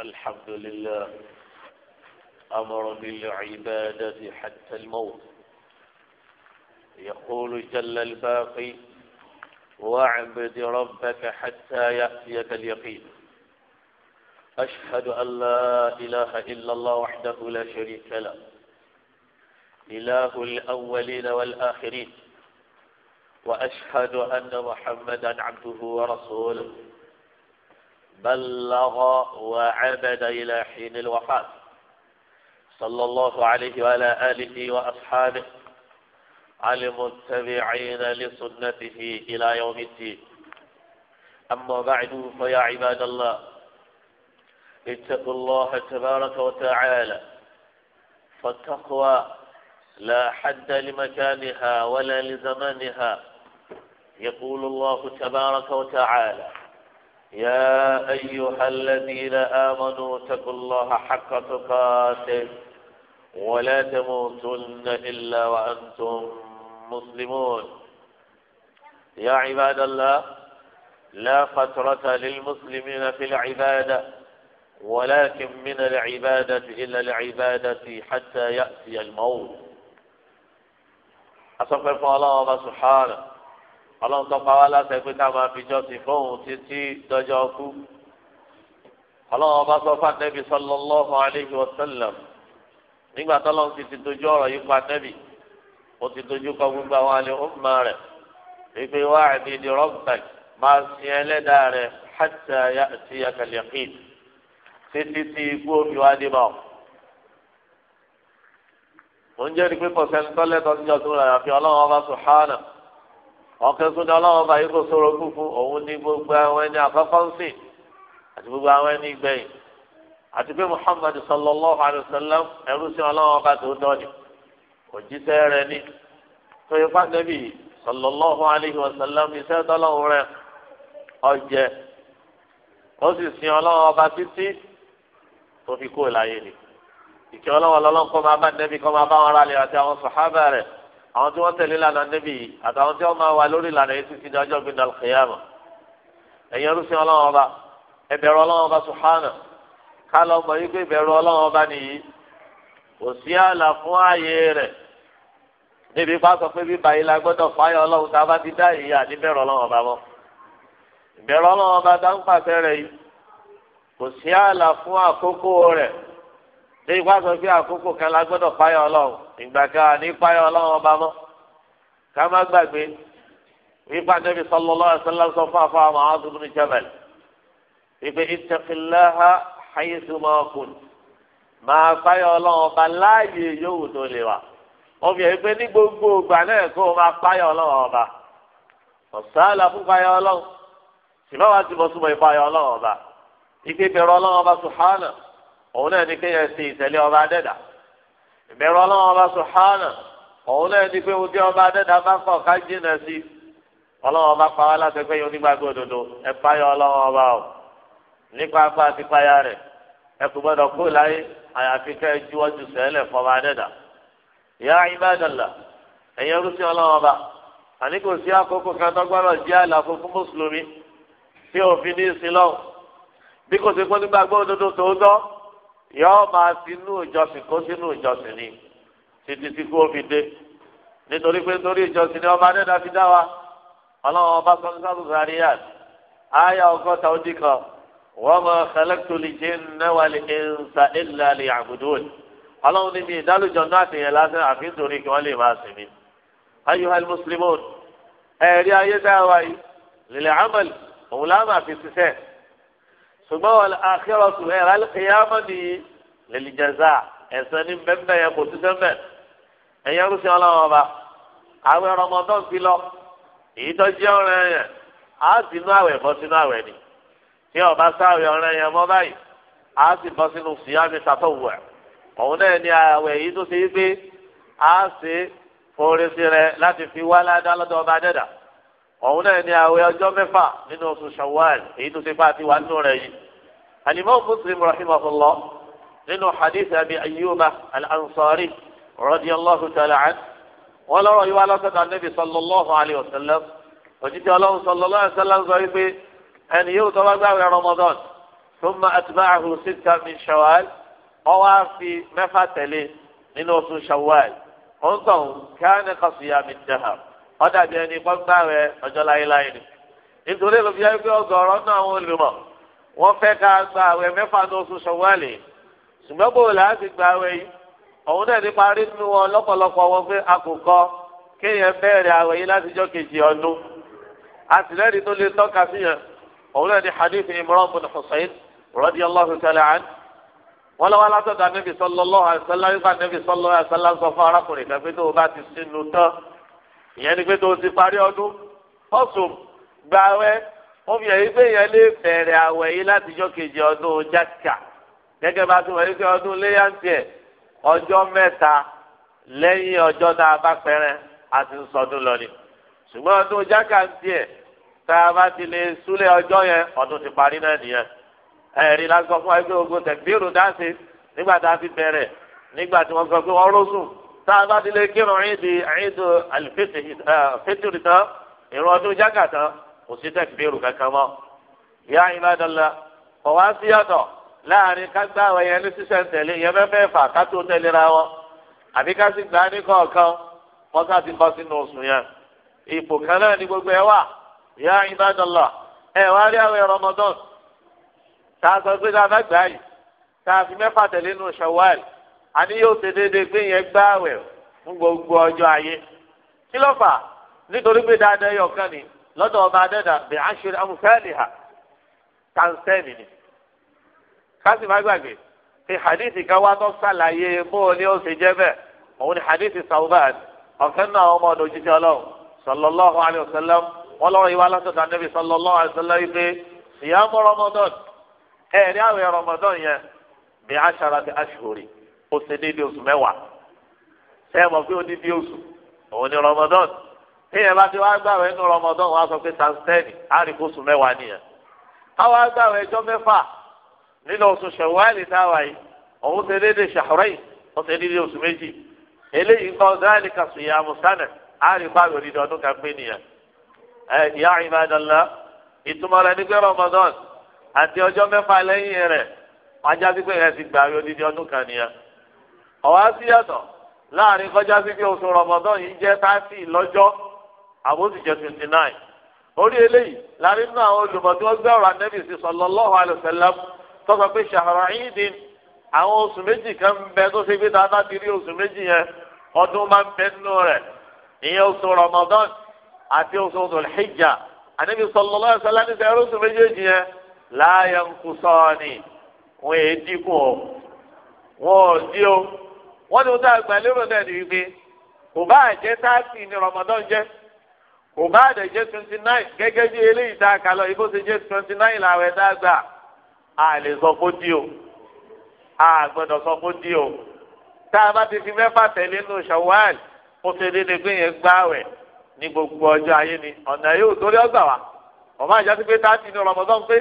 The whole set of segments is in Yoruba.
الحمد لله أمر بالعبادة حتى الموت يقول جل الباقي واعبد ربك حتى يأتيك اليقين أشهد أن لا إله إلا الله وحده لا شريك له إله الأولين والآخرين وأشهد أن محمدا عبده ورسوله بلغ وعبد إلى حين الوفاة صلى الله عليه وعلى آله وأصحابه على المتبعين لسنته إلى يوم الدين أما بعد فيا عباد الله اتقوا الله تبارك وتعالى فالتقوى لا حد لمكانها ولا لزمانها يقول الله تبارك وتعالى يا أيها الذين آمنوا اتقوا الله حق تقاته ولا تموتن إلا وأنتم مسلمون يا عباد الله لا فترة للمسلمين في العبادة ولكن من العبادة إلى العبادة حتى يأتي الموت أصبح الله سبحانه ọlọ́run tó pa wá láṣẹ pé ká máa fi jọ́sìn fóun títí dọjọ́ kú ọlọ́run ọba sọ fún anẹ́bí sallallahu alayhi wa sallam nígbà tọ́lọ́run ti ti dojú ọ̀rọ̀ yìí pa anẹ́bí ó ti dojú kọ gbogbo àwọn àlè ọ̀gbìn rẹ̀ wípé wá àbídì rọ́bìtàk máa sin ẹlẹ́dàá rẹ̀ hatta ya'tiyaka al títí tí ikú omi wá dé bá ọ oúnjẹ ni pé kọsẹ́ni tọ́lẹ́tọ́ níjọ́ tó ọ̀kẹ́ sódà ọlọ́wọ́ bá yìí kò sọ̀rọ̀ fúnfún òun ní gbogbo àwọn ẹni àkọ́kọ́ ń sìn àti gbogbo àwọn ẹni gbẹ̀yìn àti pé Muhammad sallallahu alayhi wa sallam ẹrú sí ọlọ́wọ́ bá tó dọ́ ni òjíṣẹ́ rẹ ni tó yẹ fàtẹ́bì sallallahu alayhi wa sallam iṣẹ́ tọ́lọ́wọ́ rẹ ọjẹ́ ó sì sin ọlọ́wọ́ bá títí tó fi kó láyé ni ìkẹ́ ọlọ́wọ́ lọ́lọ́ àwọn tí wọ́n tẹ̀lé lánàá níbí yìí àtàwọn tí wọ́n máa wà lórí ìlànà yìí títí dájọ́ gbé dal kìyàmù ẹ̀yin ọlọ́sìn ọlọ́run ọba ẹ̀bẹ̀rù ọlọ́run ọba sùhánà kálọ̀ mọ̀ yí pé ìbẹ̀rù ọlọ́run ọba nìyí kò sí ààlà fún ààyè rẹ̀ níbi ipá sọ pé bíbá yìí la gbọ́dọ̀ fáyà tá a bá ti dá ìyá níbẹ̀rù ọlọ́run ọba mọ́ ìbẹ̀rù ọlọ́run ọba dá pàṣẹ rẹ̀ yìí kò sí ààlà fún àkókò rẹ̀ èyí wá sọ pé àkókò kan la gbọ́dọ̀ páyọ̀ ọlọ́run ìgbà kan ní páyọ̀ ọlọ́run ọba mọ́ ká má gbàgbé wípé ànábì sallallahu alaihi wasallam sọ fún àfọwọ́ àwọn àdúgbò ní jabal ìpè ittaqillaha haythu ma kunt máa páyọ̀ ọlọ́run ọba láàyè yòówù tó lè wà ọbẹ̀ yìí pé ní gbogbo ìgbà náà kó o máa páyọ̀ ọlọ́run ọba ọ̀sálà òun náà ní kéèyàn ṣe ìtẹ̀lé ọba adẹ́dà ìbẹ̀rù ọlọ́run ọba sùhánà òun náà ní pé ojú ọba adẹ́dà bá kọ̀ ká jìnà sí ọlọ́run ọba pa wá láti pé onígbàgbọ́ òdodo ẹ páyọ ọlọ́run ọba o nípa apá àti páyà rẹ̀ ẹ kò gbọ́dọ̀ kó láyé àyàfi ká ẹ juwọ́jú sẹ́lẹ̀ ìyá ìbádọ́là ẹ̀yẹ ọlọ́run ọba àní kò sí àkókò kan bí kò sí òdodo tòótọ́ yọọ máa sínú ìjọsìn kó sínú ìjọsìn ni títí tí kò fi dé nítorí pé nítorí ìjọsìn ni ọba adẹ́dá fi dá wa ọlọ́run ọba sọ ní sábà zaria àyà ọgọ́ta ó dín kan wọ́n mọ kẹlẹ́kítọ́ lè jẹ́ náwàlì ẹ̀ǹsà ẹ̀là lè àbùdóòlì ọlọ́run ní mi ìdálójọ náà ti yẹn lásán àfi nítorí kí wọ́n lè máa sìn mí. ayuhal muslimun ẹ̀rí ayé dáwà yìí lèlè amal òun láàmà fi ṣiṣẹ́ ṣùgbọ́n àkẹ́rọ̀tù ẹ̀rọ alẹ́ kẹ́yàmọ́ nìyí lẹ́lìjẹ́sà ẹ̀sán ní bẹ́ẹ̀ yẹn kò sísẹ́ bẹ́ẹ̀ ẹ̀yẹ rúṣin ọlọ́wọ́ ọba àwẹ̀ rọmọdún ti lọ èyí tó jẹ́ ọ̀rẹ́ yẹn á sì nú àwẹ̀ bọ́ sínú àwẹ̀ ni tí ọba sáwẹ̀ ọ̀rẹ́ yẹn mọ́ báyìí á sì bọ́ sínú síyámi sàtọ̀wù ẹ̀ òun náà ni àwẹ̀ èyí tó ṣe é pé á ṣe fòrèsì rẹ̀ láti fi wá ládá ọba nínú hadith abi ayyuba al-ansari radiyallahu ta'ala an wọn lọ́rọ̀ yìí wá lọ́sọ̀dọ̀ anabi sallallahu alayhi wa sallam òjijì ọlọ́run sallallahu alayhi wa sallam sọ wípé ẹni yóò tọ́ bá gbààwẹ̀ ramadan thumma atba'ahu sitta min shawal ó wá fi mẹ́fà tẹ̀lé nínú oṣù shawal wọn kàn kana qasiyamid dahr ọ̀dà bí ẹni kọ́ gbààwẹ̀ ọjọ́ láyéláyé ni nítorí ló fi yẹ pé ọgọ́rọ̀ náà àwọn olùmọ̀ wọ́n fẹ́ ká gbààwẹ̀ mẹ́fà ní oṣù shawal yìí ṣùgbọ́n bò láti gba àwẹ̀ yìí òun náà ní parí nínú wọn lọ́pọ̀lọpọ̀ wọn pé a kò kọ kéèyàn bẹ̀rẹ̀ àwẹ̀ yìí látijọ́ kejì ọdún àtìlẹ́rìí tó lè tọ́ka fihàn òun náà ní hadith Imran bin Husayn radiyallahu ta'ala an wọn lọ́wọ́ látọ̀dọ̀ anábì sallallahu alaihi wasallam nípa anábì sallallahu alaihi wasallam sọ fún arákùnrin kan pé tó o bá ti fi hàn yí pé ìyẹn lè bẹ̀rẹ̀ àwẹ̀ yìí látijọ́ kejì ọdún jákà gẹ́gẹ́ bá tún wọlé sí ọdún léyàntìẹ ọjọ́ mẹ́ta lẹ́yìn ọjọ́ tá a bá pẹrẹ a ti ń sọdún lọ ni ṣùgbọ́n ọdún jákàntìẹ tá a bá ti lè súlẹ ọjọ́ yẹn ọdún ti parí náà nìyẹn ẹẹrí lásán fún ẹgbẹ́ ogun tẹgbẹrù dáṣe nígbà tá a fi bẹ̀rẹ̀ nígbà tí wọ́n sọ pé wọ́n rọsùn tá a bá ti lè kírun ẹyìndì ẹyìndì alifẹtìrì tán ìrún ọdún jákàtàn kò sí tẹgbẹrù kankan mọ́ yá ìbádọ́lá kọ̀ wá sí láàrin ka àwọn yẹn ní sísẹ̀ntẹ̀lé yẹn fẹ́fẹ́ fà kátó tẹ̀léra wọn àbí ká gbà ní kọ̀ọ̀kan wọ́n ti sínú oṣù yẹn ipò kan náà ni gbogbo ẹ ya ẹ wá rí àwọn Ramadan tá a sọ pé tá a fẹ́ gbà yìí tá a fi mẹ́fà tẹ̀lé nù Shawwal àní yóò ṣe déédéé pé yẹn gbá àwẹ̀ fún gbogbo ayé kí ló fà nítorí pé dáadáa ni ọba adẹ́dà àṣírí kasi ma gbàgbé fi hadithi kan wá tó sàlàyé bóun ni ó ṣe jẹ́ bẹ́ẹ̀ òun ni hadithi sauban ọ̀fẹ́ náà ọmọ ọ̀dọ̀ alayhi wa sallam wọn lọ́rọ̀ ìwà lọ́sọ̀tà níbi sallallahu alayhi wa sallam pé ìyàmú rọmọdọ́n ẹ̀rí àwẹ̀ rọmọdọ́n yẹn bí aṣara ti aṣòrì ó ṣe oṣù ní oṣù òun ni rọmọdọ́n osu bá ti wá gbàwé nínú wọn sọ pé á rí kóṣù nìyẹn gbàwé nínú oṣù ṣẹ̀wáàlì táwa yìí òun ṣe déédéé ṣàhùrẹ́yì ó ṣe déédéé oṣù méjì eléyìí kọ́ dáàlì kàṣù yà mùsànà àríkọ́ àwòrán ìdọ̀dún kan pé nìyẹn. ìyá ìbádọ́lá ìtumọ̀ rẹ̀ nígbẹ́ Ramadan àti ọjọ́ mẹ́fà lẹ́yìn rẹ̀ ajá pípé yẹn ti gbà yóò dídí ọdún kan nìyẹn. ọ̀wá sí yàtọ̀ láàrin kọjá sí pé oṣù Ramadan yìí jẹ́ táàtì lọ́jọ́ àbóṣì jẹ́ twenty nine. orí eléyìí láàrin náà àwọn olùmọ̀ wọ́n gbẹ́ ọ̀rọ̀ anẹ́bìsì sallallahu alaihi wasallam tọ́sọ pé ṣàhàrà ìdín àwọn oṣù méjì kan ń bẹ tó ṣe pé tá a bá ti rí oṣù méjì yẹn ọdún máa ń bẹ nínú rẹ̀ ìyẹn oṣù Ramadan àti oṣù Dhul-Hijjah ànábi sallallahu alaihi wasallam ṣe oṣù méjèèjì yẹn la yanqusani wọn èé dínkù o wọn ò dí o wọn ni wọn dá àgbà lérò náà ní wípé kò bá àjẹ táàtì ní Ramadan jẹ kò bá àdẹjẹ twenty nine gẹ́gẹ́ bí eléyìí tá a kà lọ ibo ṣe jẹ twenty nine làwọn ẹ̀dá gbà a lè sọ kó di o a gbọ́dọ̀ sọ kó di o tá a bá ti fi mẹ́fà tẹ̀lé nù Shawwal ó ṣe déédéé pé yẹn gbààwẹ̀ ní gbogbo ọjọ́ ayé ni ọ̀nà yóò torí ọgbà wa ọba àjọsí pé tá a ti ní Ramadan pé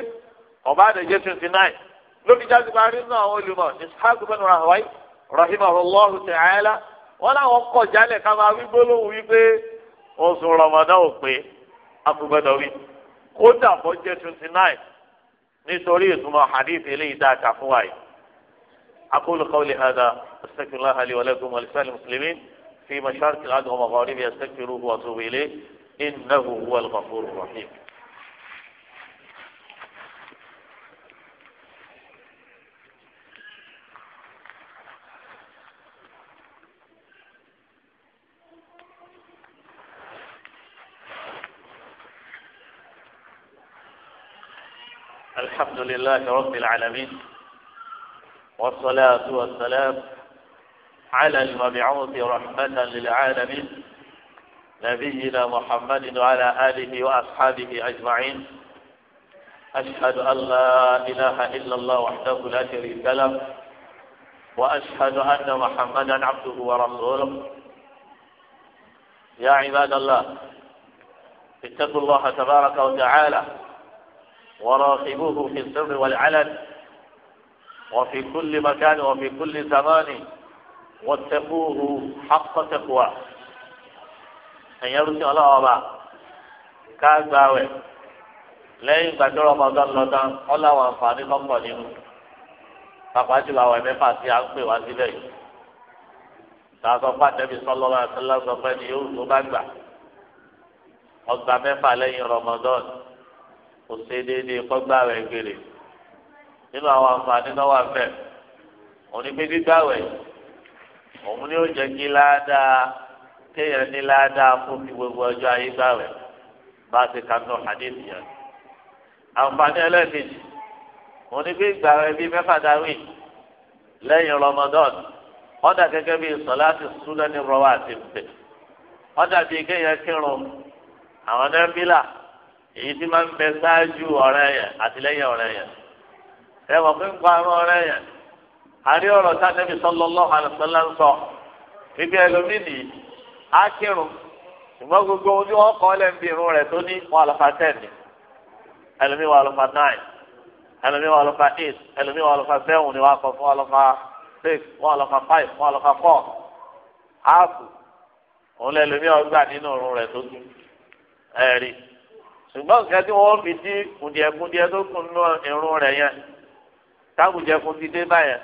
ọba àdèjé twenty nine lórí jáde parí nínú àwọn olùmọ̀ Ishaq bin Rahawai rahimahullahu ta'ala wọn làwọn kọ̀ jálẹ̀ ká máa wí gbólóhùn wípé oṣù Ramadan ò pé a wí kódà bọ́ jẹ́ twenty nine nítorí ìtumọ̀ حديث إلي dáa عفواي أقول قولي هذا أستغفر الله لي ولكم ولسائر المسلمين في مشارق الأرض ومغاربها أستغفروه وأتوب إليه إنه هو الغفور الرحيم لله رب العالمين والصلاة والسلام على المبعوث رحمة للعالمين نبينا محمد وعلى آله وأصحابه أجمعين أشهد أن لا إله إلا الله وحده لا شريك له وأشهد أن محمدا عبده ورسوله يا عباد الله اتقوا الله تبارك وتعالى وراقبوه في السر والعلن وفي كل مكان وفي كل زمان واتقوه حق تقواه ẹ̀yẹ́ ló ti ọlọ́wọ́ ọba ká gba wẹ̀ lẹ́yìn ìgbà tó rọmọdọ́ lọ́dọ́ ọlọ́wọ́ àǹfààní lọ́pọ̀ nínú pàpà jùlọ àwọn ẹ̀mẹ́fà tí a ń pè wá sílẹ̀ yìí tààtọ̀ pàtẹ́bí sọlọ́wọ́ àti lọ́sọ̀pẹ́ ni yóò tó bá gbà ọgbà mẹ́fà lẹ́yìn rọmọdọ́ọ̀nù kò ṣe déédéé kọ́gbàwẹ̀ gèrè nínú àwọn àǹfààní náà wà fẹ́ òní pé gbígbàwẹ̀ òun ni ó jẹ́ kí ládàá kéèyàn ní ládàá fún fi gbogbo ọjọ́ ayé gbàwẹ̀ bá a ti ka nù hadith yẹn. àǹfààní ẹlẹ́ẹ̀kejì òní pé bíi mẹ́fà dáwì lẹ́yìn Ramadan ọ̀dà gẹ́gẹ́ bíi sọ̀láàtì súnà rọwà àti bẹ̀ ọ̀dà bíi kéèyàn kírun àwọn náà èyí tí máa ń bẹ ṣáájú ọ̀rẹ́ yẹn àtìlẹ́yìn ọ̀rẹ́ yẹn ẹ wọ̀ pé ń ọ̀rẹ́ yẹn àrí ọ̀rọ̀ sátẹ́bí sallallahu ń sọ ibi ẹlòmínì á kírun ṣùgbọ́n gbogbo ohun tí wọ́n kọ́ lẹ́ bí irun rẹ̀ ní wọn ten ni wọn nine wọn eight wọn seven ni wọn fún six wọn five wọn four áàpù òun ọgbà nínú irun rẹ̀ tó tún ṣùgbọ́n nǹkan tí wọ́n fi dí kùdìẹ̀kùdìẹ tó kù nínú irun rẹ̀ yẹn táwùjẹ̀kùn ti dé báyẹn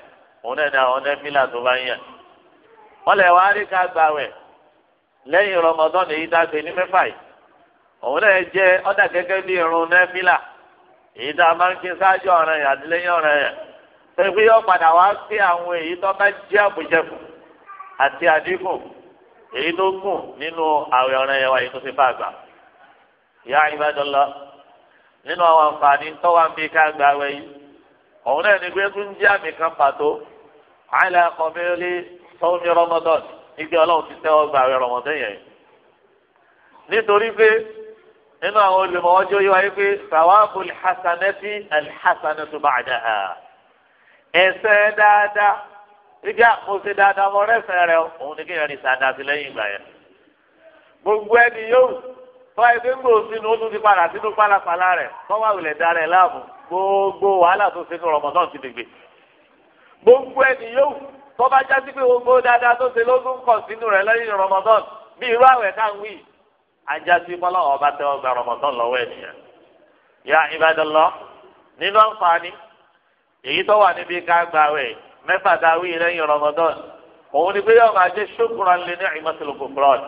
òun náà ni àwọn nẹ́fílà tó bá ń yẹn. wọ́n lè wá rí ká gbà wẹ̀ lẹ́yìn rọmọdán èyí tá a ṣe ní mẹ́fà yìí òun náà jẹ́ ọ̀dà gẹ́gẹ́ bí irun nẹ́fílà èyí tá a máa ń kí sáájú ọ̀ràn yẹn àti lẹ́yìn ọ̀ràn yẹn. pé pé padà wá sí àwọn èyí tó bá jẹ́ àbùjẹ̀kùn àti àdínkù èyí tó kù nínú àwẹ̀ ọ̀ràn yẹn wáyé tó ti bá àgbà ìyá ìbádọ́lá nínú àwọn àǹfààní tọ́wọ́ àǹbí ká gba awẹ yìí òun náà ní gbẹ́gbẹ́ ń jẹ́ àmì kan pàtó àìlẹ́ kọ́mílì sọ́mi rọmọdọ́n igi ọlọ́run ti tẹ́wọ́ gba awẹ rọmọdọ́n yẹn nítorí pé nínú àwọn olùmọ̀ọ́jọ́ yìí wáyé pé sàwáàbù alḥasanẹ́tì alḥasanẹ́tù ba'daha ẹsẹ̀ dáadáa igi àkóso dáadáa mọ́ rẹ́sẹ̀ rẹ̀ òun ní kéèyàn ní sàdáàtì lẹ́yìn yẹn gbogbo ẹni yóò tọ́wá ẹgbẹ́ ń gbòòrò sínú ó tún ti padà sínú pálapàla rẹ̀ tọ́wá ìwìlẹ̀ darẹ̀ láàmú gbogbo wàhálà tó sínú rọmọdán ti dègbè. gbogbo ẹni yóò tọ́ba jásí pé gbogbo dáadáa tó ṣe ló tún kọ̀ sínú rẹ̀ lẹ́yìn rọmọdán bí irú àwẹ̀ ká ń wí. ajásí bọ́lá ọba tẹ ọgbà rọmọdán lọ́wọ́ ènìyàn. ya ibadallah nínú àǹfààní èyí tó wà níbi ká gbàwẹ̀ mẹ́fà dáwì lẹ́yìn rọmọdán òun ni pé yóò máa jẹ́ ṣókùnrin lé ní ìmọ̀sílùkù fúlọ́ọ̀dì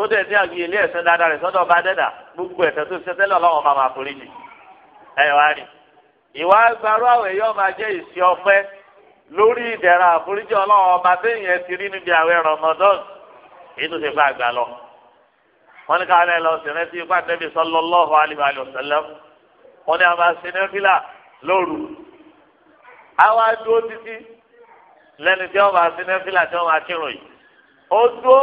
tó dẹ̀ ní àgbéyé ilé ẹ̀sìn dáadáa rẹ̀ sọ́dọ̀ ọba dẹ́dà gbogbo ẹ̀sẹ̀ tó ṣiṣẹ́ tẹ́lẹ̀ ọlọ́run máa máa forí jì ẹ wá rí ìwà gbarú àwọn èèyàn máa jẹ́ ìṣe ọpẹ́ lórí ìdẹ̀ra àforíjì ọlọ́run ọba béèyàn ti rí níbi àwẹ̀ Ramadan èyí tó ṣe bá àgbà lọ. wọ́n ní káwọn ẹ̀ sí rẹ́ sí ipá nẹ́bí sallallahu alaihi wa sallam wọ́n ní a máa ṣe nẹ́fílà lóru. àwa dúró títí lẹ́ni tí wọ́n máa ṣe nẹ́fílà tí wọ́n máa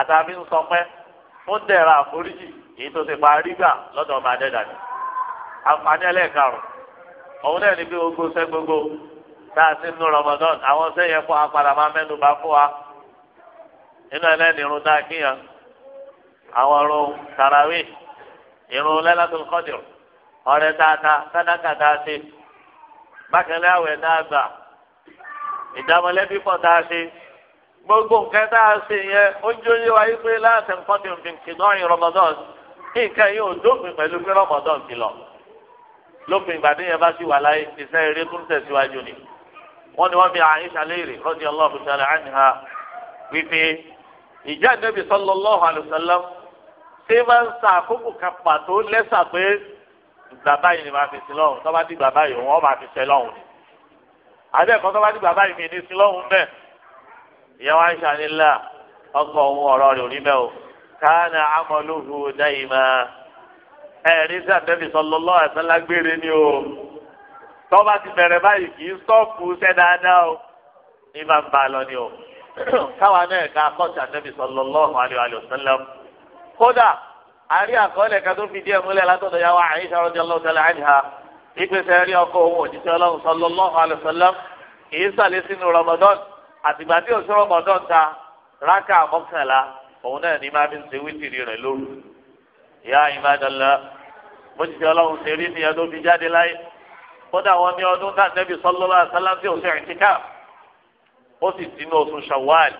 àtàfi ń sọpẹ́ fún dẹ̀ra àforíjì èyí tó ti pa rígbà lọ́dọ̀ ọba adẹ́dàdì àǹfààní ẹlẹ́ẹ̀karùn òun náà ní bí gbogbo sẹ́ gbogbo tá a ti ń nu Ramadan àwọn sẹ́yìn fún apàdà máa mẹ́nu bá fún wa nínú ẹlẹ́ni irun tá a kíyàn àwọn irun tarawih irun lẹ́lẹ́tò kọ́dìrì ọ̀rẹ́ dáadáa sádàkà dáadé bákẹ́lẹ́ àwẹ̀ dáadáa ìdámọ̀lẹ́bí pọ̀ dáadé gbogbo nǹkan tá a ṣe yẹn ó ń jóyè wáyé pé láti nǹkan tó ń fi kìnnà yín rọmọdán kí nǹkan yóò dópin pẹ̀lú pé rọmọdán ti lọ lópin ìgbà téèyàn bá sì wà láyé iṣẹ́ eré tó ń tẹ̀síwájú ni wọ́n ní wọ́n fi àyíṣà léèrè radiyallahu ta'ala anha wípé ìjà Nabi sallallahu alaihi wasallam ṣé máa ń sa àkókò ìyàwó àìsàn nílà ọkọ òun ọ̀rọ̀ rẹ̀ òní bẹ́ẹ̀ o káàna amọ̀lúhu dáìmá ẹ̀rí sí àtẹ́bí sọlọ́lọ́ àtàlágbére ni o tọ́ba ti bẹ̀rẹ̀ báyìí kì í sọ́ọ̀kù sẹ́ dáadáa o ní bá ń ba lọ ni o káwa náà ká kọ́ọ̀tù àtẹ́bí sọlọ́lọ́ àlè àlè òsínlẹ̀ kódà àrí àkọọ́lẹ̀ kan tó fi díẹ̀ múlẹ̀ látọ̀dọ̀ yàwó àyíṣà rọ́jà lọ́sẹ̀lẹ̀ àyíṣà ìpèsè ẹ̀rí ọkọ̀ òun òjíṣẹ́ ọlọ́run sọlọ́lọ́ àlè òsínlẹ̀ kì í sàlẹ̀ sínú rọmọdọ́nù àtìgbà tí òṣèré ọmọdún ta rákà mọ́kànlá òun náà ní máa fi ń ṣe wítìrì rẹ̀ lóru ìyá ìmádọ́lá bó ti ṣe ọlọ́run ṣe rí nìyẹn tó fi jáde láyé kódà wọn ní ọdún náà nẹ́bí sọ́lọ́lá sáláńtì òṣèré ìtìká ó sì dínú oṣù ṣàwáàl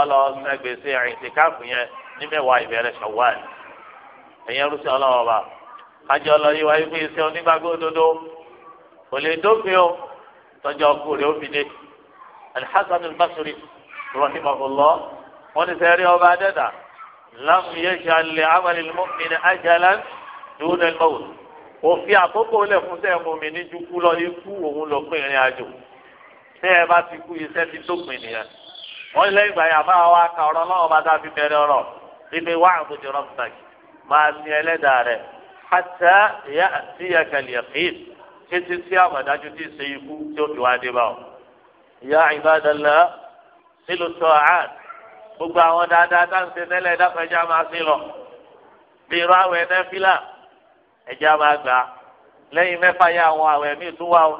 ọlọ́ọ̀sán gbèsè ìtìká yẹn ní mẹ́wàá ìbẹ̀rẹ̀ ṣàwáàl ẹ̀yẹn rúṣẹ́ ọlọ́wọ́ bá ajọ lọ alḥasan albasri rahimahullah wọn ní sẹ́rí ọba adẹ́dà lam yaj'al li'amali al-mu'mini ajalan duna al-mawt òfin àkókò lẹ̀ fún sẹ́yìn mọ̀mí ní ju kú lọ ikú òun lọ pín ìrìn àjò sẹ́yìn bá ti kú iṣẹ́ ti tó pin nìyẹn wọ́n lé ìgbà yà máa wá ka ọ̀rọ̀ náà bá dábì bẹ̀rẹ̀ ọ̀rọ̀ ibi wà àbújọ rọ́pùtàkì máa ní ẹlẹ́dàá rẹ̀ hàtà ìyá àti ìyá kàlíyà fìyè títí sí àmọ̀dájú tí ì ṣe ikú tí ó fi wá dé bá ọ ya ibadallah sílù tọ́hán gbogbo àwọn dáadáa tá n ṣe tẹ́lẹ̀ dáfẹ́jà máa sí lọ bí irú àwẹ̀ nẹ́fílà ẹ̀já máa gbà á lẹ́yìn mẹ́fà yá àwọn àwẹ̀ míì tún wà ó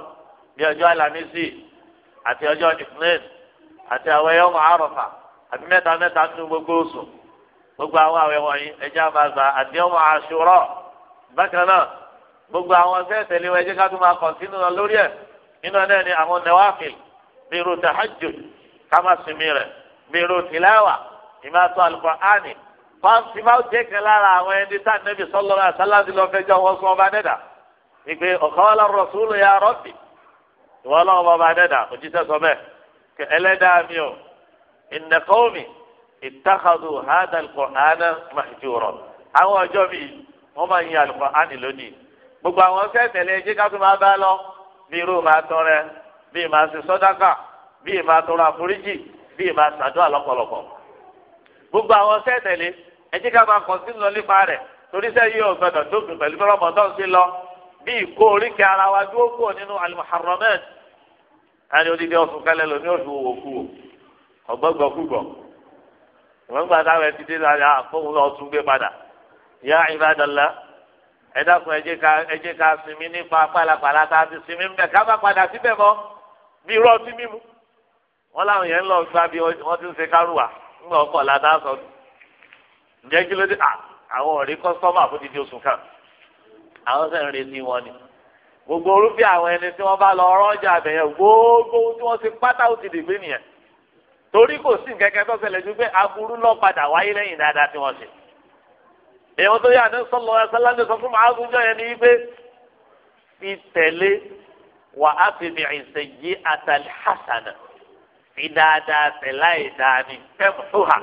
bí ọjọ́ alámísì àti ọjọ́ ìfúnẹ́ẹ̀d àti àwẹ̀ yọmọ àròfà àti mẹ́ta mẹ́ta tún gbogbo oṣù gbogbo àwọn àwẹ̀ wọ̀nyí ẹ̀já máa gbà àti yọmọ àṣùrọ̀ bákan náà gbogbo àwọn sẹ́ẹ̀tẹ̀lẹ́wọ̀ ẹ̀jẹ̀ ká bírò tahajjud kama sinmi rẹ bírò tìláwà ìmá tó alukur'ani pàǹtí máa jẹ́ kan lára àwọn ẹni tá nẹ́bí sallallahu alaihi wasallam ti lọ fẹjọ́ wọn sọ ọba dẹ́dà ìpè qala rasulu ya rabbi ìwọ lọ́wọ́ ọba dẹ́dà òjíṣẹ́ sọ bẹ́ẹ̀ ẹlẹ́dàá mi ò inna qawmi ittakhadhu hadha al-Qur'ana mahjura àwọn ọjọ́ mi wọ́n máa ń yin al gbogbo àwọn fẹ́ẹ̀ tẹ̀lé ẹjẹ́ ká tó máa bá lọ bí bí ìmọ̀ àti sọ́dáka bí ìmọ̀ àtọrọ àforíjì bí ìmọ̀ àtàdúrà lọ́pọ̀lọpọ̀. gbogbo àwọn sẹ́ẹ̀tẹ̀lé ẹ jẹ́ ká máa kàn sí lọ nípa rẹ̀ torí sẹ́ yóò gbọdọ̀ dókun pẹ̀lú rọmọdán sí lọ bí ìkó oríkè ara wa dúró kúrò nínú alimuharramat ẹni odidi ọsùn kẹlẹ lómi òfin wò kú o ọgbọgbọ kúgbọ ìwọ gbà táwọn ẹtí dé lálẹ́ àfọwọ́ ọtún gbé padà ya ibadallah ẹ dákun ẹ jẹ́ ká sinmi nípa pálapàla tá a ti padà síbẹ̀ mọ́ bí irú ọtí mímu wọn làwọn yẹn ń lọ gba bí wọn ti ń ṣe kárùwà ńgbà ọkọ ládàá sọ ǹjẹ́ kí ló dé àwọn ọ̀rẹ́ kọ́sọ́mà fún dídí oṣù kan àwọn sẹ́yìn retí wọn ni gbogbo orúfẹ́ àwọn ẹni tí wọ́n bá lọ ọrọ́jà àbẹ̀yẹ gbogbo tí wọ́n ti pátá ó ti dìgbé nìyẹn torí kò sí nkẹ́kẹ́ tó ṣẹlẹ̀ ju pé aburú lọ padà wáyé lẹ́yìn dáadáa tí wọ́n ṣe èèyàn tó yà ní sọlọ ẹsẹ lánàá sọ fún màá gúnjọ yẹn ni wípé ìtẹ̀lé wà á fi mi ìṣe yí àtàlẹ́ hasana ìdáadáa tẹ̀lá ìdáni fẹ́mu tó hà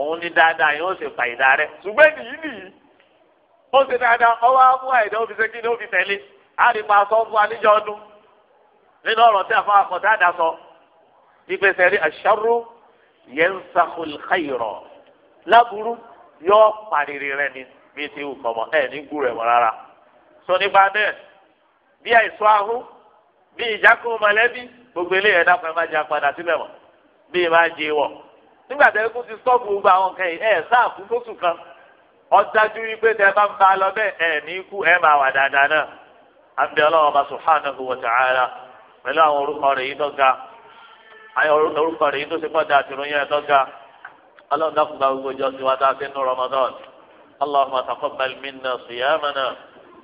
òun ní dáadáa yóò ṣe fà ìdá rẹ̀ ṣùgbọ́n nìyí nìyí ó ṣe dáadáa ọwọ́ amú àìdá ó ṣe kí ni ó fi tẹ̀lé á lè máa sọ fún alíjọ ọdún nínú ọ̀rọ̀ tí àfa àkọ́tà dà sọ ìpèsè rí aṣọ́rú yẹn ń sakul xayirọ̀ yóò pariri rẹ ni bí ti wù kọ́mọ ẹ̀ ní gúrẹ̀ mọ́ rárá sọ nípa bẹ́ẹ̀ bí àìsàn ahùn. bí ìjákó mọ̀lẹ́bí gbogbo eléyìí ẹ̀dá kan máa jẹ apàdà síbẹ̀ mọ̀ bí ì máa jẹ wọ̀ nígbà tẹ́ kó ti sọ́ọ̀bù gbogbo àwọn nǹkan yìí ẹ̀ sáà fún kan ọ̀dájú wípé bá ń bá a lọ bẹ́ẹ̀ ẹ̀ ní ikú ẹ̀ máa wà dáadáa náà àbí ọlọ́wọ́ bá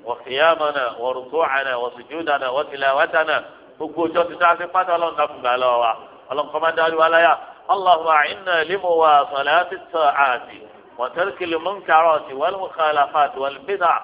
wọ̀kìyàmọ̀nà wọ̀rùkúànà wọ̀sùjúdànà wọ̀tìlàwátànà gbogbo ọjọ́ ti sáà fi pátá ọlọ́run ká fún gbàlọ́ wa ọlọ́run kọ́ máa dáwọ́ aláyà allahumma inna limu wa salati sa'ati wa tarki limunkarati wal mukhalafati wal bid'a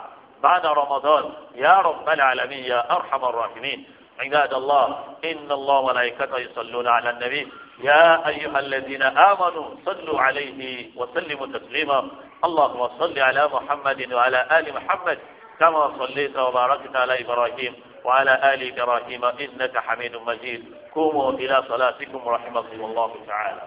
ba'da ramadan ya rabbal alamin ya arhamar rahimin عباد الله إن الله وملائكته يصلون على النبي يا أيها الذين آمنوا صلوا عليه وسلموا تسليما اللهم صل على محمد وعلى آل محمد كما صليت وباركت على إبراهيم وعلى آل إبراهيم إنك حميد مجيد قوموا إلى صلاتكم رحمكم الله تعالى